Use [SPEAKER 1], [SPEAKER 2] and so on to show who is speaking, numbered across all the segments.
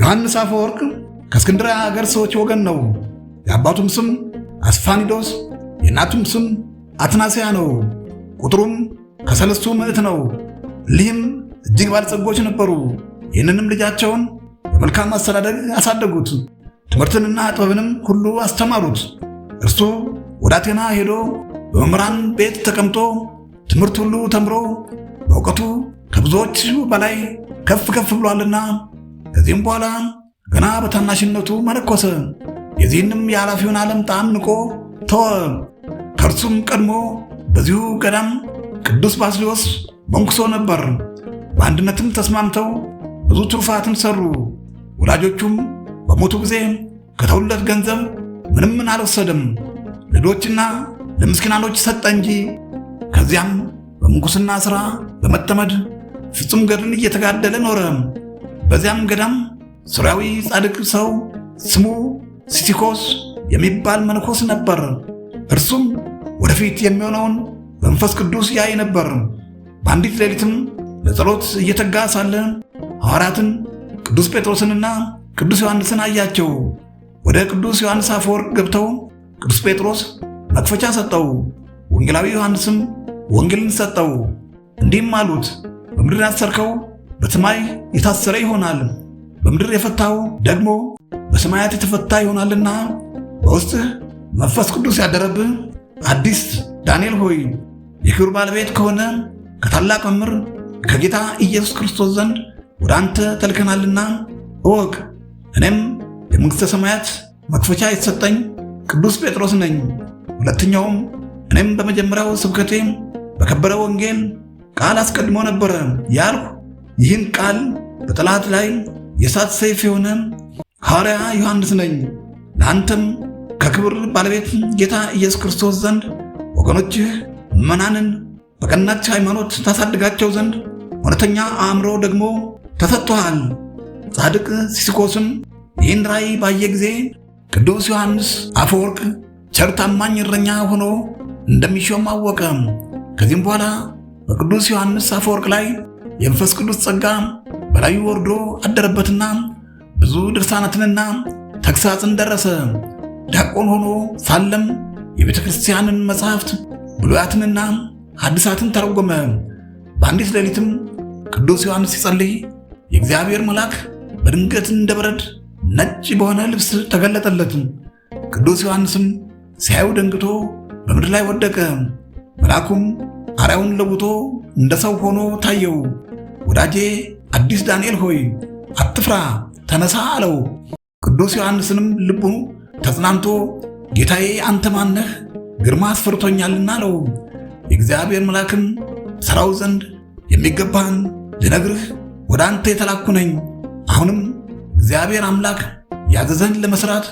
[SPEAKER 1] ዮሐንስ አፈወርቅ ከእስክንድርያ አገር ሰዎች ወገን ነው። የአባቱም ስም አስፋኒዶስ የእናቱም ስም አትናስያ ነው። ቁጥሩም ከሰለስቱ ምዕት ነው። ሊህም እጅግ ባለጸጎች ነበሩ። ይህንንም ልጃቸውን በመልካም አስተዳደግ አሳደጉት። ትምህርትንና ጥበብንም ሁሉ አስተማሩት። እርሱ ወደ አቴና ሄዶ በመምህራን ቤት ተቀምጦ ትምህርት ሁሉ ተምሮ በእውቀቱ ከብዙዎች በላይ ከፍ ከፍ ብሏልና ከዚህም በኋላ ገና በታናሽነቱ መነኮሰ። የዚህንም የኃላፊውን ዓለም ጣም ንቆ ተወ። ከእርሱም ቀድሞ በዚሁ ገዳም ቅዱስ ባስሊዮስ መንኩሶ ነበር። በአንድነትም ተስማምተው ብዙ ትሩፋትን ሰሩ። ወላጆቹም በሞቱ ጊዜ ከተውለት ገንዘብ ምንም ምን አልወሰደም፣ ልጆችና ለምስኪናኖች ሰጠ እንጂ። ከዚያም በምንኩስና ሥራ በመጠመድ ፍጹም ገድልን እየተጋደለ ኖረ። በዚያም ገዳም ሱሪያዊ ጻድቅ ሰው ስሙ ሲቲኮስ የሚባል መነኮስ ነበር። እርሱም ወደፊት የሚሆነውን መንፈስ ቅዱስ ያይ ነበር። በአንዲት ሌሊትም ለጸሎት እየተጋ ሳለ ሐዋርያትን ቅዱስ ጴጥሮስንና ቅዱስ ዮሐንስን አያቸው። ወደ ቅዱስ ዮሐንስ አፈወርቅ ገብተው ቅዱስ ጴጥሮስ መክፈቻ ሰጠው፣ ወንጌላዊ ዮሐንስም ወንጌልን ሰጠው። እንዲህም አሉት፣ በምድር ያሰርከው በሰማይ የታሰረ ይሆናል፣ በምድር የፈታው ደግሞ በሰማያት የተፈታ ይሆናልና በውስጥህ መንፈስ ቅዱስ ያደረብህ አዲስ ዳንኤል ሆይ የክብር ባለቤት ከሆነ ከታላቅ መምህር ከጌታ ኢየሱስ ክርስቶስ ዘንድ ወደ አንተ ተልከናልና እወቅ። እኔም የመንግሥተ ሰማያት መክፈቻ የተሰጠኝ ቅዱስ ጴጥሮስ ነኝ። ሁለተኛውም እኔም በመጀመሪያው ስብከቴ በከበረ ወንጌል ቃል አስቀድሞ ነበረ ያልሁ ይህን ቃል በጠላት ላይ የእሳት ሰይፍ የሆነ ሐዋርያ ዮሐንስ ነኝ። ለአንተም ከክብር ባለቤት ጌታ ኢየሱስ ክርስቶስ ዘንድ ወገኖችህ ምዕመናንን በቀናች ሃይማኖት ታሳድጋቸው ዘንድ እውነተኛ አእምሮ ደግሞ ተሰጥቶሃል። ጻድቅ ሲስኮስም ይህን ራእይ ባየ ጊዜ ቅዱስ ዮሐንስ አፈወርቅ ቸር ታማኝ እረኛ ሆኖ እንደሚሾም አወቀ። ከዚህም በኋላ በቅዱስ ዮሐንስ አፈወርቅ ላይ የመንፈስ ቅዱስ ጸጋ በላዩ ወርዶ አደረበትና ብዙ ድርሳናትንና ተግሳጽን ደረሰ። ዲያቆን ሆኖ ሳለም የቤተ ክርስቲያንን መጻሕፍት ብሉያትንና ሐዲሳትን ተረጎመ። በአንዲት ሌሊትም ቅዱስ ዮሐንስ ሲጸልይ የእግዚአብሔር መልአክ በድንገት እንደ በረድ ነጭ በሆነ ልብስ ተገለጠለት። ቅዱስ ዮሐንስም ሲያዩ ደንግቶ በምድር ላይ ወደቀ። መልአኩም አርያውን ለውጦ እንደ ሰው ሆኖ ታየው። ወዳጄ አዲስ ዳንኤል ሆይ አትፍራ፣ ተነሳ አለው። ቅዱስ ዮሐንስንም ልቡ ተጽናንቶ ጌታዬ አንተ ማነህ? ግርማ አስፈርቶኛልና አለው። የእግዚአብሔር መልአክም ሰራው ዘንድ የሚገባህን ልነግርህ ወደ አንተ የተላኩ ነኝ። አሁንም እግዚአብሔር አምላክ ያዘዘን ለመስራት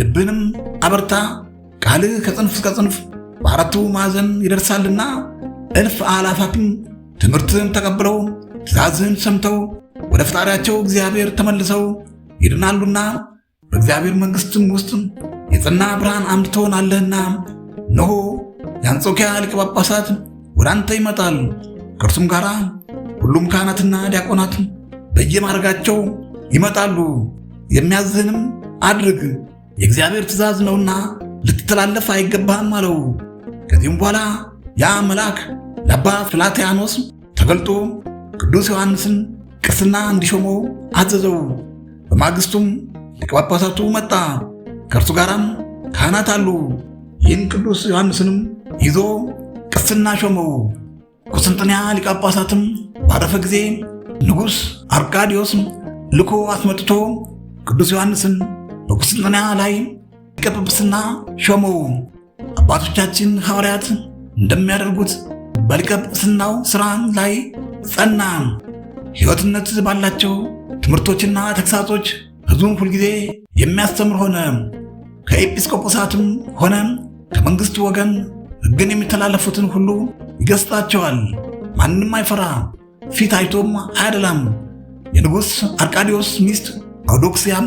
[SPEAKER 1] ልብንም አበርታ፣ ቃልህ ከጽንፍ እስከ ጽንፍ በአራቱ ማዕዘን ይደርሳልና እልፍ አላፋትም ትምህርትን ተቀብለው ትእዛዝህን ሰምተው ወደ ፈጣሪያቸው እግዚአብሔር ተመልሰው ይድናሉና በእግዚአብሔር መንግሥትም ውስጥ የጽና ብርሃን አምድ ትሆናለህና እነሆ የአንጾኪያ ሊቀ ጳጳሳት ወደ አንተ ይመጣል፣ ከእርሱም ጋር ሁሉም ካህናትና ዲያቆናት በየማድረጋቸው ይመጣሉ። የሚያዝህንም አድርግ፣ የእግዚአብሔር ትእዛዝ ነውና ልትተላለፍ አይገባህም አለው። ከዚህም በኋላ ያ መልአክ ለአባ ፍላቴያኖስ ተገልጦ ቅዱስ ዮሐንስን ቅስና እንዲሾመው አዘዘው። በማግስቱም ሊቀ ጳጳሳቱ መጣ፣ ከእርሱ ጋራም ካህናት አሉ። ይህን ቅዱስ ዮሐንስንም ይዞ ቅስና ሾመው። ቁስጥንጥንያ ሊቀ ጳጳሳትም ባረፈ ጊዜ ንጉሥ አርካዲዮስም ልኮ አስመጥቶ ቅዱስ ዮሐንስን በቁስጥንጥንያ ላይ ሊቀ ጵጵስና ሾመው። አባቶቻችን ሐዋርያት እንደሚያደርጉት በሊቀ ጵጵስናው ሥራ ላይ ጸና! ሕይወትነት ባላቸው ትምህርቶችና ተግሳጾች ሕዝቡን ሁልጊዜ የሚያስተምር ሆነ። ከኤጲስቆጶሳትም ሆነ ከመንግሥት ወገን ሕግን የሚተላለፉትን ሁሉ ይገሥጣቸዋል። ማንም አይፈራ፣ ፊት አይቶም አያደላም። የንጉሥ አርቃዲዎስ ሚስት አውዶክስያም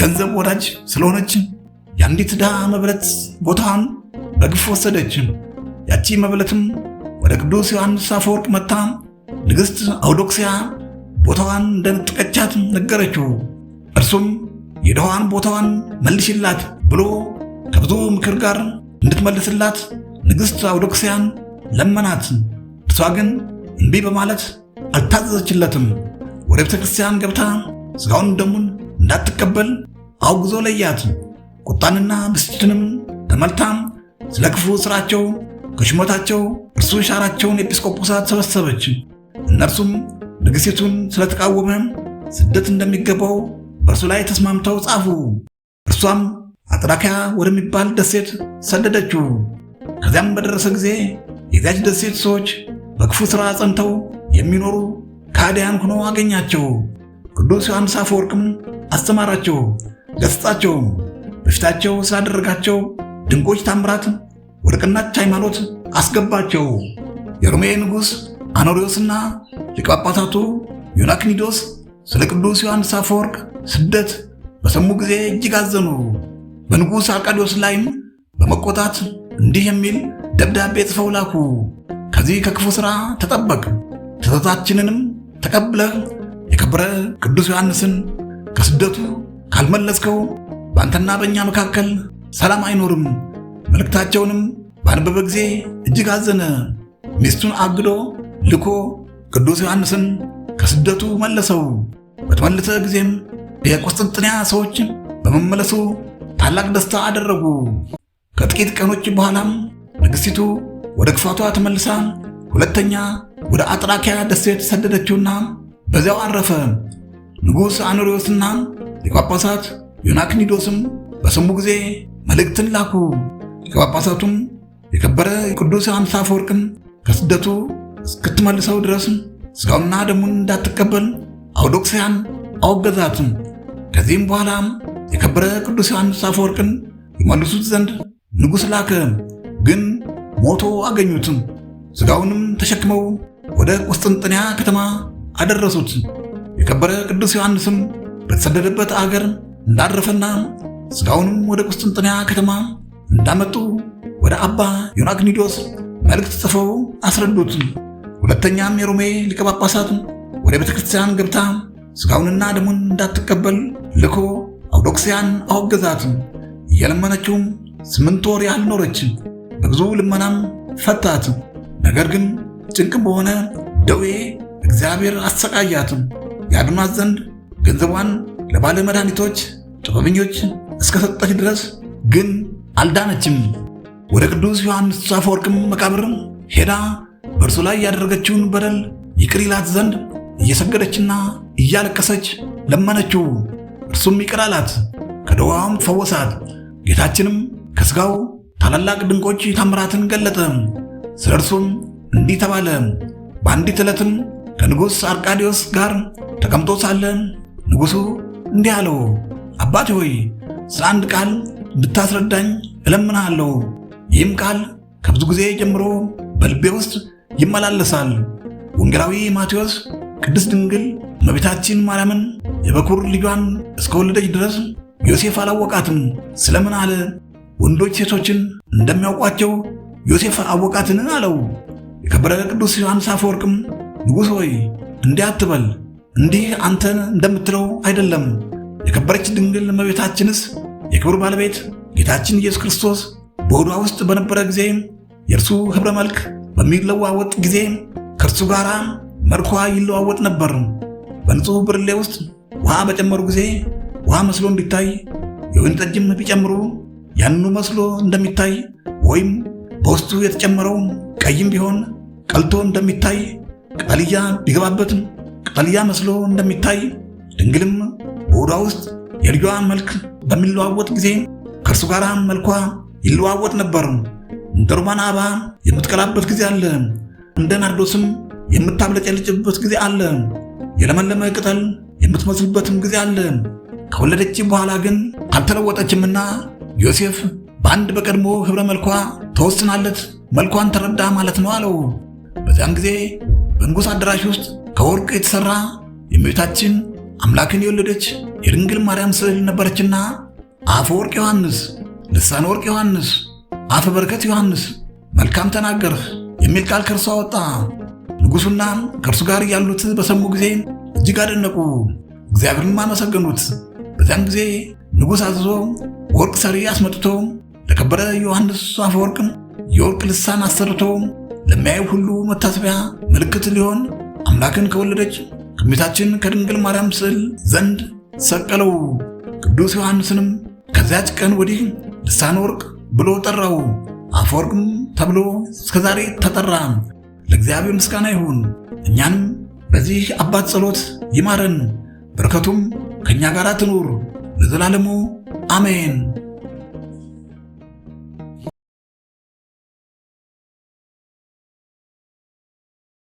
[SPEAKER 1] ገንዘብ ወዳጅ ስለሆነች የአንዲት ድሃ መበለት ቦታዋን በግፍ ወሰደች። ያቺ መበለትም ወደ ቅዱስ ዮሐንስ አፈወርቅ መታ ንግሥት አውዶክሲያ ቦታዋን እንደነጠቀቻት ነገረችው። እርሱም የደዋን ቦታዋን መልሽላት ብሎ ከብዙ ምክር ጋር እንድትመልስላት ንግሥት አውዶክሲያን ለመናት። እርሷ ግን እምቢ በማለት አልታዘዘችለትም። ወደ ቤተ ክርስቲያን ገብታ ሥጋውን ደሙን እንዳትቀበል አውግዞ ለያት። ቁጣንና ብስጭትንም ተመልታም ስለ ክፉ ሥራቸው ከሽሞታቸው እርሱ ሻራቸውን ኤጲስቆጶሳት ሰበሰበች። እነርሱም ንግሥቲቱን ስለተቃወመ ስደት እንደሚገባው በእርሱ ላይ ተስማምተው ጻፉ። እርሷም አጥራኪያ ወደሚባል ደሴት ሰደደችው። ከዚያም በደረሰ ጊዜ የዚያች ደሴት ሰዎች በክፉ ሥራ ጸንተው የሚኖሩ ካዲያን ሆኖ አገኛቸው። ቅዱስ ዮሐንስ አፈወርቅም አስተማራቸው፣ ገሥጻቸው። በፊታቸው ስላደረጋቸው ድንቆች ታምራት ወደ ቀናች ሃይማኖት አስገባቸው። የሮሜ ንጉሥ አኖሪዎስና ሊቀ ጳጳሳቱ ዮናክኒዶስ ስለ ቅዱስ ዮሐንስ አፈወርቅ ስደት በሰሙ ጊዜ እጅግ አዘኑ። በንጉሥ አርቃዲዎስ ላይም በመቆጣት እንዲህ የሚል ደብዳቤ ጽፈው ላኩ። ከዚህ ከክፉ ሥራ ተጠበቅ፣ ስህተታችንንም ተቀብለህ የከበረ ቅዱስ ዮሐንስን ከስደቱ ካልመለስከው በአንተና በእኛ መካከል ሰላም አይኖርም። መልእክታቸውንም ባነበበ ጊዜ እጅግ አዘነ። ሚስቱን አግዶ ልኮ ቅዱስ ዮሐንስን ከስደቱ መለሰው። በተመለሰ ጊዜም የቆስጥንጥንያ ሰዎችን በመመለሱ ታላቅ ደስታ አደረጉ። ከጥቂት ቀኖች በኋላም ንግሥቲቱ ወደ ክፋቷ ተመልሳ ሁለተኛ ወደ አጥራኪያ ደሴት ሰደደችውና በዚያው አረፈ። ንጉሥ አኖሪዎስና የጳጳሳት ዮናክኒዶስም በሰሙ ጊዜ መልእክትን ላኩ። የጳጳሳቱም የከበረ የቅዱስ ዮሐንስ አፈወርቅን ከስደቱ እስክትመልሰው ድረስም ሥጋውና ደሙን እንዳትቀበል አውዶክስያን አወገዛትም። ከዚህም በኋላም የከበረ ቅዱስ ዮሐንስ አፈወርቅን ይመልሱት ዘንድ ንጉሥ ላከ። ግን ሞቶ አገኙትም። ሥጋውንም ተሸክመው ወደ ቁስጥንጥንያ ከተማ አደረሱት። የከበረ ቅዱስ ዮሐንስም በተሰደደበት አገር እንዳረፈና ሥጋውንም ወደ ቁስጥንጥንያ ከተማ እንዳመጡ ወደ አባ ዮናግኒዶስ መልእክት ጽፈው አስረዱትም። ሁለተኛም የሮሜ ሊቀ ጳጳሳትን ወደ ቤተ ክርስቲያን ገብታ ሥጋውንና ደሙን እንዳትቀበል ልኮ አውዶክሲያን አወገዛትን። እየለመነችውም ስምንት ወር ያህል ኖረች። በብዙ ልመናም ፈታት። ነገር ግን ጭንቅም በሆነ ደዌ እግዚአብሔር አሰቃያትም። ያድኗት ዘንድ ገንዘቧን ለባለ መድኃኒቶች ጥበበኞች እስከሰጠች ድረስ ግን አልዳነችም። ወደ ቅዱስ ዮሐንስ አፈወርቅም መቃብር ሄዳ በእርሱ ላይ ያደረገችውን በደል ይቅር ይላት ዘንድ እየሰገደችና እያለቀሰች ለመነችው። እርሱም ይቅር አላት፣ ከደዋም ፈወሳት። ጌታችንም ከሥጋው ታላላቅ ድንቆች ታምራትን ገለጠ። ስለ እርሱም እንዲህ ተባለ። በአንዲት ዕለትም ከንጉሥ አርቃዲዮስ ጋር ተቀምጦ ሳለ ንጉሡ እንዲህ አለው፣ አባቴ ሆይ ስለ አንድ ቃል እንድታስረዳኝ እለምንሃለሁ። ይህም ቃል ከብዙ ጊዜ ጀምሮ በልቤ ውስጥ ይመላለሳል። ወንጌላዊ ማቴዎስ ቅድስት ድንግል እመቤታችን ማርያምን የበኩር ልጇን እስከወለደች ድረስ ዮሴፍ አላወቃትም ስለምን አለ? ወንዶች ሴቶችን እንደሚያውቋቸው ዮሴፍ አወቃትን አለው። የከበረ ቅዱስ ዮሐንስ አፈወርቅም ንጉሥ ሆይ እንዲህ አትበል፣ እንዲህ አንተን እንደምትለው አይደለም። የከበረች ድንግል እመቤታችንስ የክብር ባለቤት ጌታችን ኢየሱስ ክርስቶስ በሆዷ ውስጥ በነበረ ጊዜ የእርሱ ኅብረ መልክ በሚለዋወጥ ጊዜ ከእርሱ ጋር መልኳ ይለዋወጥ ነበር። በንጹሕ ብርሌ ውስጥ ውሃ በጨመሩ ጊዜ ውሃ መስሎ እንዲታይ፣ የወይን ጠጅም ቢጨምሩ ያንኑ መስሎ እንደሚታይ ወይም በውስጡ የተጨመረው ቀይም ቢሆን ቀልቶ እንደሚታይ ቅጠልያ ቢገባበት ቅጠልያ መስሎ እንደሚታይ ድንግልም በሆዷ ውስጥ የልጇ መልክ በሚለዋወጥ ጊዜ ከእርሱ ጋር መልኳ ይለዋወጥ ነበር። እንደ ሮማን አበባ የምትቀላበት ጊዜ አለ። እንደ ናርዶስም የምታብለጨልጭበት ጊዜ አለ። የለመለመ ቅጠል የምትመስልበትም ጊዜ አለ። ከወለደች በኋላ ግን አልተለወጠችምና ዮሴፍ በአንድ በቀድሞ ኅብረ መልኳ ተወስናለት መልኳን ተረዳ ማለት ነው አለው። በዚያም ጊዜ በንጉሥ አዳራሽ ውስጥ ከወርቅ የተሠራ የእመቤታችን አምላክን የወለደች የድንግል ማርያም ስዕል ነበረችና አፈ ወርቅ ዮሐንስ፣ ልሳን ወርቅ ዮሐንስ አፈ በረከት ዮሐንስ መልካም ተናገርህ የሚል ቃል ከእርሱ አወጣ። ንጉሡና ከእርሱ ጋር ያሉት በሰሙ ጊዜ እጅግ አደነቁ፣ እግዚአብሔርንም አመሰገኑት። በዚያም ጊዜ ንጉሥ አዝዞ ወርቅ ሰሪ አስመጥቶ ለከበረ ዮሐንስ አፈወርቅ የወርቅ ልሳን አሰርቶ ለሚያየው ሁሉ መታሰቢያ ምልክት ሊሆን አምላክን ከወለደች ከእመቤታችን ከድንግል ማርያም ስዕል ዘንድ ሰቀለው። ቅዱስ ዮሐንስንም ከዚያች ቀን ወዲህ ልሳን ወርቅ ብሎ ጠራው። አፈወርቅም ተብሎ እስከዛሬ ተጠራ። ለእግዚአብሔር ምስጋና ይሁን። እኛንም በዚህ አባት ጸሎት ይማረን፣ በረከቱም ከእኛ ጋር ትኑር ለዘላለሙ አሜን።